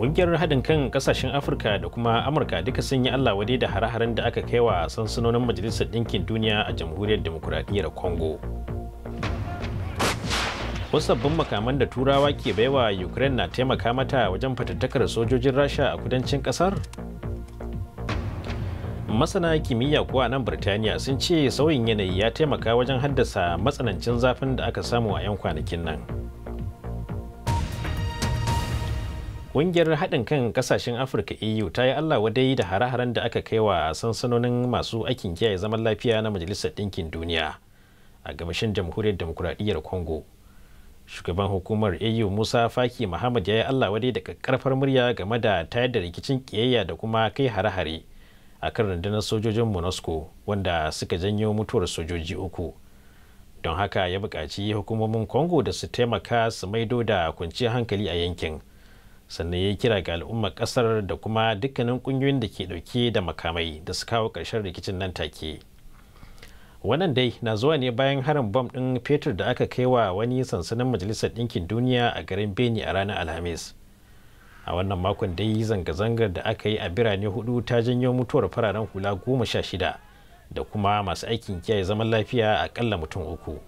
ƙungiyar haɗin kan ƙasashen afirka da kuma amurka duka sun yi allah wadai da hare-haren da aka kai wa sansanonin majalisar ɗinkin duniya a jamhuriyar demokuraɗiyyar congo wasu sabbin makaman da turawa ke baiwa ukraine na taimaka mata wajen fatattakar sojojin rasha a kudancin ƙasar masana kimiyya kuwa nan birtaniya sun ce sauyin yanayi ya taimaka wajen haddasa matsanancin zafin da aka samu a 'yan kwanakin nan Ƙungiyar haɗin kan ƙasashen Afirka EU ta yi Allah wadai da hare-haren da aka kai wa sansanonin masu aikin kiyaye zaman lafiya na Majalisar Ɗinkin Duniya a gamashin Jamhuriyar Demokuraɗiyyar Congo. Shugaban hukumar EU Musa Faki Muhammad ya yi Allah wadai da ƙarfar murya game da tayar da rikicin ƙiyayya da kuma kai hare-hare a kan rundunar sojojin Monusco wanda suka janyo mutuwar sojoji uku. Don haka ya buƙaci hukumomin Congo da su taimaka su maido da kwanciyar hankali a yankin. sannan ya kira ga al'ummar kasar da kuma dukkanin kungiyoyin da ke dauke da makamai da su kawo ƙarshen rikicin nan take wannan dai na zuwa ne bayan harin bom ɗin fetur da aka kai wa wani sansanin majalisar ɗinkin duniya a garin beni a ranar alhamis a wannan makon dai zanga-zangar da aka yi a birane hudu ta janyo mutuwar fararen hula goma sha shida da kuma masu aikin kiyaye zaman lafiya akalla mutum uku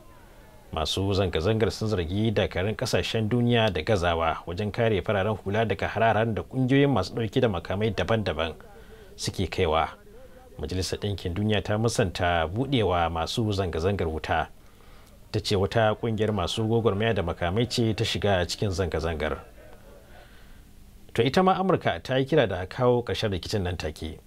masu zanga-zangar sun zargi dakarun kasashen duniya da gazawa wajen kare fararen hula daga hararen da kungiyoyin masu ɗauki da makamai daban-daban suke kaiwa majalisar ɗinkin duniya ta musanta buɗewa masu zanga-zangar wuta ta ce wata ƙungiyar masu gwagwarmaya da makamai ce ta shiga cikin zanga-zangar to ita ma amurka ta yi kira da kawo ƙarshen rikicin nan take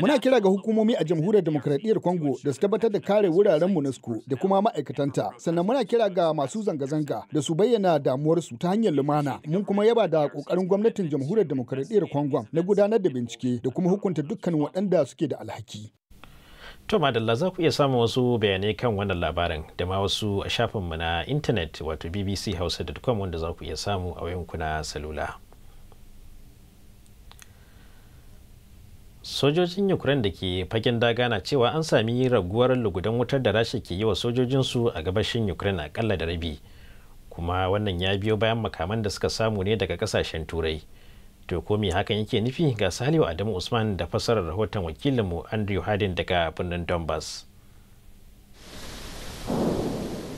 Muna kira ga hukumomi a jamhuriyar demokradiyyar Congo da su tabbatar da kare wuraren UNESCO da kuma ma'aikatanta. Sannan muna kira ga masu zanga-zanga da su bayyana damuwarsu ta hanyar lumana. Mun kuma yaba da kokarin gwamnatin jamhuriyar demokradiyyar Congo na gudanar da bincike da kuma hukunta dukkanin waɗanda suke da alhaki. To madalla za ku iya samun wasu bayanai kan wannan labarin da ma wasu a shafinmu na intanet wato bbc bbchausa.com wanda za ku iya samu a wayanku na salula. sojojin ukraine da ke fagen daga na cewa an sami raguwar lugudan wutar da rasha ke yi wa sojojinsu a gabashin ukraine akalla da rabi kuma wannan ya biyo bayan makaman da suka samu ne daga kasashen turai to ko me hakan yake nufi ga salihu adamu usman da fassarar rahoton wakilinmu andrew hardin daga birnin donbass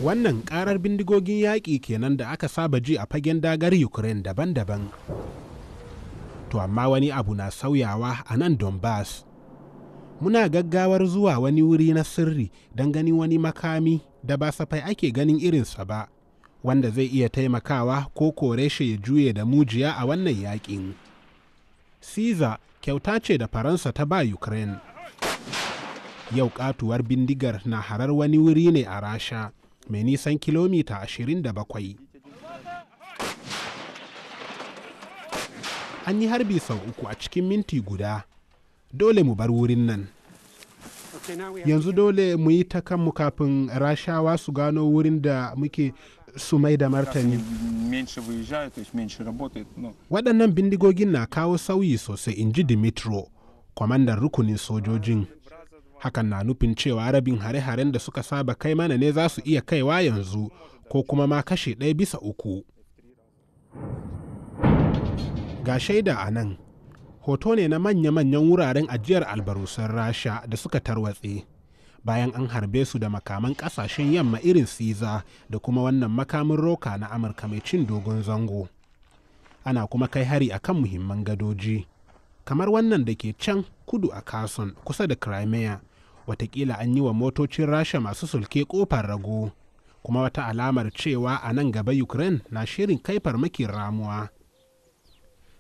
wannan karar bindigogin yaƙi kenan da aka saba ji a fagen dagar ukraine daban-daban to amma wani abu na sauyawa a nan donbass muna gaggawar zuwa wani wuri na sirri don ganin wani makami da ba safai ake ganin irinsa ba wanda zai iya taimakawa ko kore shi ya juye da mujiya a wannan yakin caesar kyauta ce da faransa ta ba ukraine yau katuwar bindigar na harar wani wuri ne a rasha mai nisan kilomita 27 an yi harbi sau uku a cikin minti guda dole mu bar wurin nan yanzu dole mu yi ta kanmu kafin rashawa su gano wurin da muke su mai da martani waɗannan bindigogin na kawo sauyi sosai in ji dimitro kwamandan rukunin sojojin hakan na nufin cewa rabin hare-haren da suka saba kai mana ne za su iya kaiwa yanzu ko kuma ma kashe ɗaya bisa uku ga shaida a nan hoto ne na manya-manyan wuraren ajiyar albarusan rasha da suka tarwatse bayan an harbe su da makaman kasashen yamma irin siza da kuma wannan makamin roka na amurka mai cin dogon zango ana kuma kai hari a kan muhimman gadoji kamar wannan da ke can kudu a kason kusa da crimea watakila an yi wa motocin rasha masu sulke kofar rago kuma wata alamar cewa a nan gaba ukraine na shirin kai farmakin ramuwa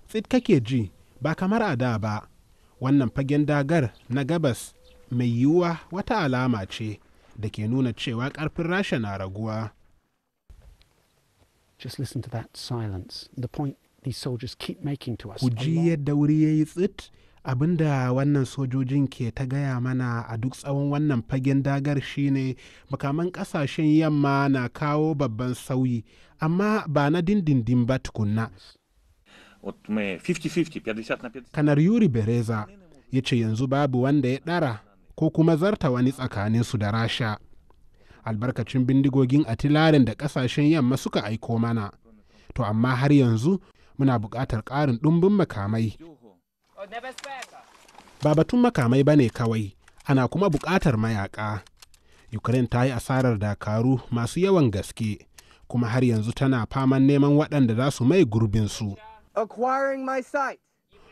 tsit kake ji ba kamar a da ba wannan fagen dagar na gabas mai yiwuwa wata alama ce da ke nuna cewa karfin rasha na raguwa Ku ji yadda wuri ya yi tsit abinda wannan sojojin ke ta gaya mana a duk tsawon wannan fagen dagar shine makaman kasashen yamma na kawo babban sauyi amma ba na dindindin ba tukunna kanar yuri bereza ya ce yanzu babu wanda ya ɗara ko kuma zarta wani tsakaninsu da rasha albarkacin bindigogin a tilarin da kasashen yamma suka aiko mana to amma har yanzu muna buƙatar ƙarin ɗumbin makamai ba batun makamai ba ne kawai ana kuma buƙatar mayaƙa ukraine ta yi asarar dakaru masu yawan gaske kuma har yanzu tana faman neman waɗanda za su mai gurbinsu. su acquiring my site.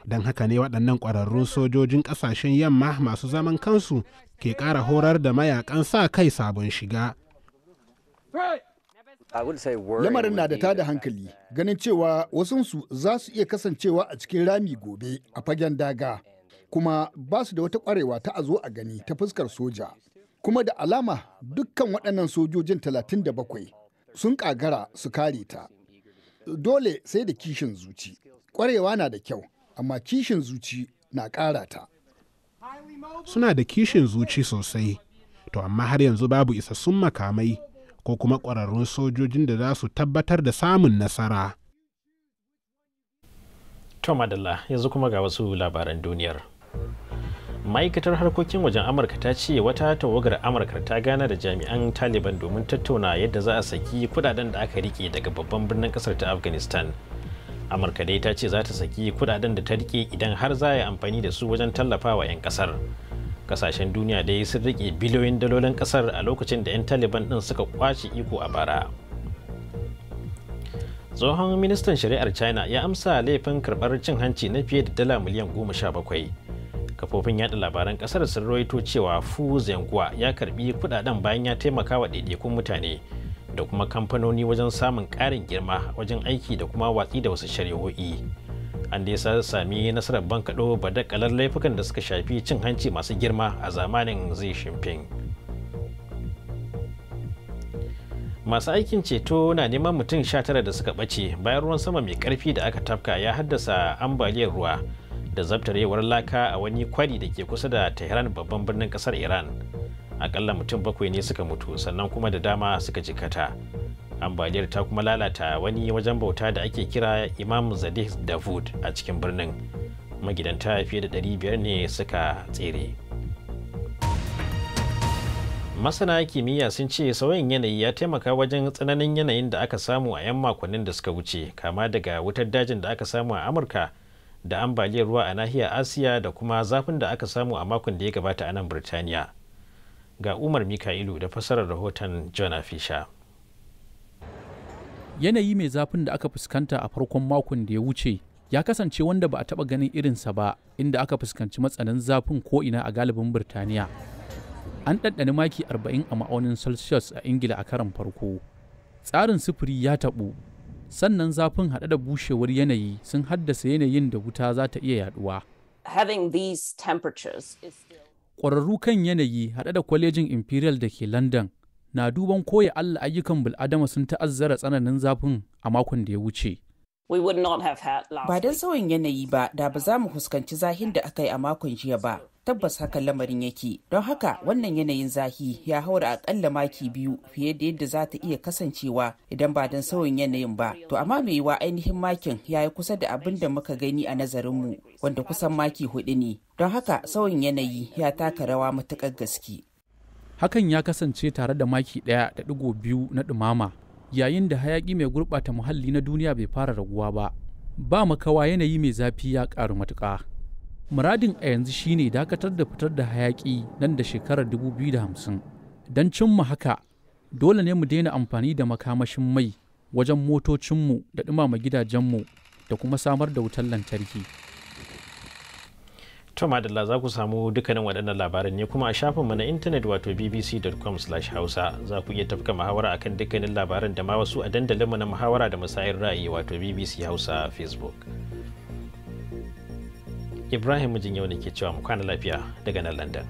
Don haka ne waɗannan ƙwararrun sojojin ƙasashen yamma masu zaman kansu ke ƙara horar da mayakan sa kai sabon shiga. Lamarin na da tada hankali ganin cewa wasunsu za su iya kasancewa a cikin rami gobe a fagen daga kuma ba su da wata ƙwarewa ta azo a gani ta fuskar soja. Kuma da alama dukkan waɗannan sojojin 37 sun ƙagara su kare ta. dole sai da kishin zuci kwarewa na da kyau amma kishin zuci na ƙara ta suna da kishin zuci sosai to amma har yanzu babu isassun makamai ko kuma ƙwararrun sojojin da za su tabbatar da samun nasara to madalla yanzu kuma ga wasu labaran duniyar ma'aikatar harkokin wajen amurka ta ce wata tawagar amurka ta gana da jami'an taliban domin tattauna yadda za a saki kudaden da aka rike daga babban birnin kasar ta afghanistan amurka dai ta ce za ta saki kudaden da ta rike idan har za a yi amfani da su wajen tallafawa 'yan kasar kasashen duniya dai sun rike biliyoyin dalolin kasar a lokacin da 'yan taliban din suka kwace iko a bara tsohon ministan shari'ar china ya amsa laifin karbar cin hanci na fiye da dala miliyan goma sha bakwai kafofin yada labaran kasar sun rawaito cewa fu zenguwa ya karbi kudaden bayan ya taimaka wa ɗaiɗaikun mutane da kuma kamfanoni wajen samun ƙarin girma wajen aiki da kuma watsi da wasu shari'o'i an dai sami nasarar bankaɗo badakalar laifukan da suka shafi cin hanci masu girma a zamanin zai shimfin masu aikin ceto na neman mutum 19 da suka ɓace bayan ruwan sama mai ƙarfi da aka tafka ya haddasa ambaliyar ruwa da zabtarewar laka a wani kwari da ke kusa da tehran babban birnin kasar iran akalla mutum bakwai ne suka mutu sannan kuma da dama suka jikata ambaliyar ta kuma lalata wani wajen bauta da ake kira imam zadeh davud a cikin birnin magidanta fiye da 500 ne suka tsere masana kimiyya sun ce sauyin yanayi ya taimaka wajen tsananin yanayin da aka samu a 'yan makonnin da suka wuce kama daga wutar dajin da aka samu a amurka da ambaliyar ruwa a nahiyar asiya da kuma zafin da aka samu a makon da ya gabata a nan birtaniya ga umar mika'ilu da fassarar rahoton john fisha yanayi mai zafin da aka fuskanta a farkon makon da ya wuce ya kasance wanda ba a taɓa ganin irinsa ba inda aka fuskanci matsanin zafin ko'ina a galibin birtaniya an ɗanɗani maki 40 a ma'aunin celsius a ingila a karon farko tsarin sufuri ya taɓu sannan zafin haɗe da bushewar yanayi sun haddasa yanayin da wuta za ta iya yaduwa. Ƙwararru kan yanayi haɗe da kwalejin Imperial da ke London na duban koya Allah ayyukan bil'adama sun ta'azzara tsananin zafin a makon da ya wuce. Ba don sauyin yanayi ba da ba za mu fuskanci zahin da aka yi a makon jiya ba. tabbas haka lamarin yake don haka wannan yanayin zaki ya haura akalla maki biyu fiye da yadda za ta iya kasancewa idan ba don sauyin yanayin ba to amma mai yiwa ainihin makin ya yi kusa da abin da muka gani a nazarinmu wanda kusan maki hudu ne don haka sauyin yanayi ya taka rawa matuƙar gaske hakan ya kasance tare da maki ɗaya da ɗigo biyu na ɗumama yayin da hayaƙi mai gurɓata muhalli na duniya bai fara raguwa ba ba makawa yanayi mai zafi ya ƙaru matuƙa Muradin a yanzu shine dakatar da fitar da hayaƙi nan da shekarar 2050. Don cimma haka, dole ne mu daina amfani da makamashin mai wajen motocinmu da ɗumama gidajenmu da kuma samar da wutar lantarki. To Madalla za ku samu dukkanin waɗannan labaran ne kuma a shafinmu na intanet wato bbc.com hausa za ku iya tafka muhawara akan dukkanin labaran da ma wasu a dandalinmu na muhawara da musayar ra'ayi wato bbc hausa facebook. Ibrahim Mijin yau ne ke cewa mu kwana lafiya daga nan London.